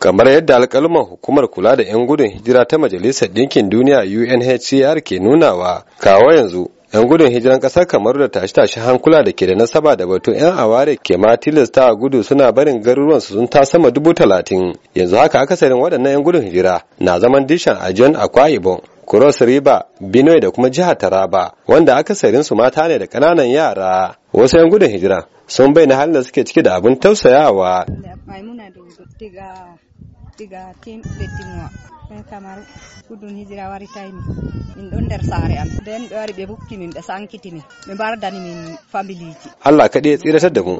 kamar yadda alkalman hukumar kula da 'yan gudun hijira ta majalisar ɗinkin duniya unhcr ke nunawa kawo yanzu 'yan gudun hijiran ƙasar kamar da tashi-tashi hankula da ke da nasaba da batun 'yan aware ke ma tilasta a gudu suna barin garuruwan su sun ta sama dubu talatin yanzu haka akasarin waɗannan 'yan gudun hijira na zaman dishan a john akwa ibom cross river benue da kuma jihar taraba wanda akasarin su mata ne da kananan yara wasu 'yan gudun hijira sun bai na halin da suke ciki da abin tausayawa Maimuna Dogo daga daga Tim Lettinwa ɓen kamaru gudun hijira wari taymi min ɗon nder saare am nden ɓe wari ɓe bukkimin ɓe sankitini ɓe mbardani min ji allah kaɗai tsira da mu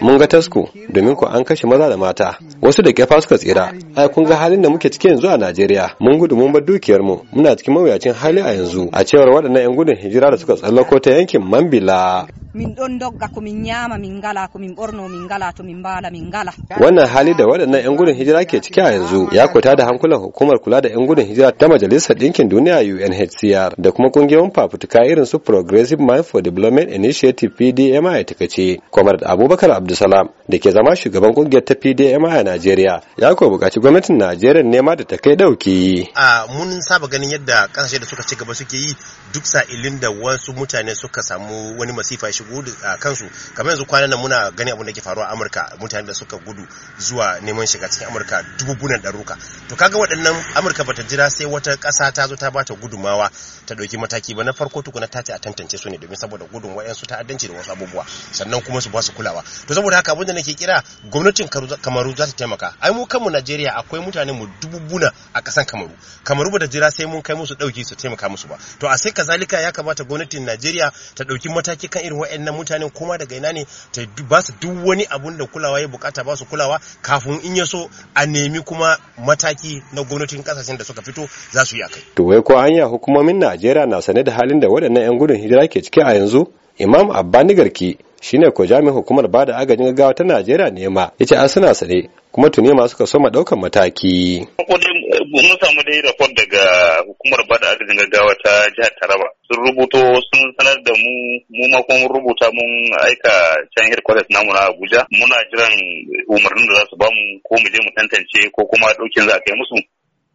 mun ga tasko domin ko an kashe maza da mata wasu da kefa suka tsira ai kun ga halin da muke ciki yanzu a najeriya mun gudu mun bar dukiyar mu muna cikin mawuyacin hali a yanzu a cewar waɗannan 'yan gudun hijira da suka tsallako ta yankin mambila min ɗon dogga ko min nyama min ngala ko min ɓorno min ngala to min mbala min ngala. Wannan hali da waɗannan 'yan gudun hijira ke ciki a yanzu ya kwata da hankulan hukumar kula da 'yan gudun hijira ta Majalisar Ɗinkin Duniya UNHCR da kuma kungiyoyin fafutuka irin su Progressive Mind for Development Initiative PDMI ta kace. Kwamar Abubakar Abdulsalam da ke zama shugaban kungiyar ta PDMI a Najeriya ya ko buƙaci gwamnatin Najeriya nema da ta kai ɗauki. A mun saba ganin yadda ƙasashe da suka ci gaba suke yi duk sa'ilin da wasu mutane suka samu wani masifa shigo da kansu kamar yanzu kwanan nan muna gani abin da ke faruwa a Amurka mutane da suka gudu zuwa neman shiga cikin Amurka dubunan ɗaruka to kaga waɗannan Amurka bata jira sai wata ƙasa ta zo ta bata gudumawa ta ɗauki mataki ba na farko tukuna ta ce a tantance su ne domin saboda gudun waɗansu ta'addanci da wasu abubuwa sannan kuma su ba su kulawa to saboda haka abin da nake kira gwamnatin Kamaru za ta taimaka ai mu kanmu Najeriya akwai mutane mu dububuna a ƙasan Kamaru Kamaru bata jira sai mun kai musu ɗauki su taimaka musu ba to a sai kazalika ya kamata gwamnatin Najeriya ta ɗauki mataki kan irin wa'annan mutane kuma daga ina ne ta ba su duk wani abun da kulawa ya bukata ba su kulawa kafin in ya so a nemi kuma mataki na gwamnatin kasashen da suka fito za su yi akai. To wai ko hanya hukumomin Najeriya na sane da halin da wadannan 'yan gudun hijira ke ciki a yanzu? Imam Abba Nigarki shine ko jami'in hukumar bada agajin gaggawa ta Najeriya ne ma yace an suna sane kuma tuni ma suka ma daukan mataki mun samu dai rapport daga hukumar bada agajin gaggawa ta jihar Taraba sun rubuto sun sanar da mu mu ma kuma mun rubuta mun aika can headquarters namu na Abuja muna jiran umarnin da za su bamu ko mu je mu tantance ko kuma daukin za a kai musu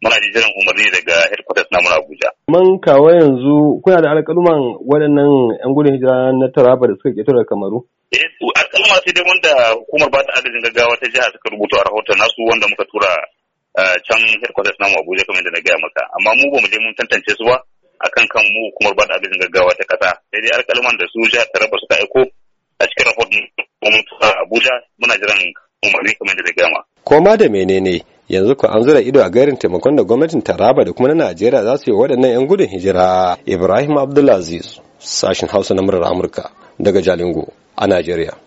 muna jiran umarni daga headquarters na muna Abuja. Man kawo yanzu kuna da alƙaluman waɗannan 'yan gudun hijira na Taraba da suka ƙetare Kamaru? Eh, alƙaluma sai dai wanda hukumar ba ta adadin gaggawa ta jiha suka rubuta a rahoton nasu wanda muka tura eh, can headquarters na Abuja kamar yadda na gaya maka. Amma mu bamu je mun tantance su ba akan kan mu hukumar ba ta adadin gaggawa ta ƙasa. Sai dai alƙaluman da su jihar Taraba suka aiko a cikin rahoton Abuja muna jiran umarni kamar yadda na gaya ma. Koma da menene? yanzu ko an zura ido a gairin taimakon da gwamnatin taraba da kuma na najeriya za su yi waɗannan 'yan gudun hijira ibrahim abdulaziz sashen hausa na murar amurka daga jalingo a najeriya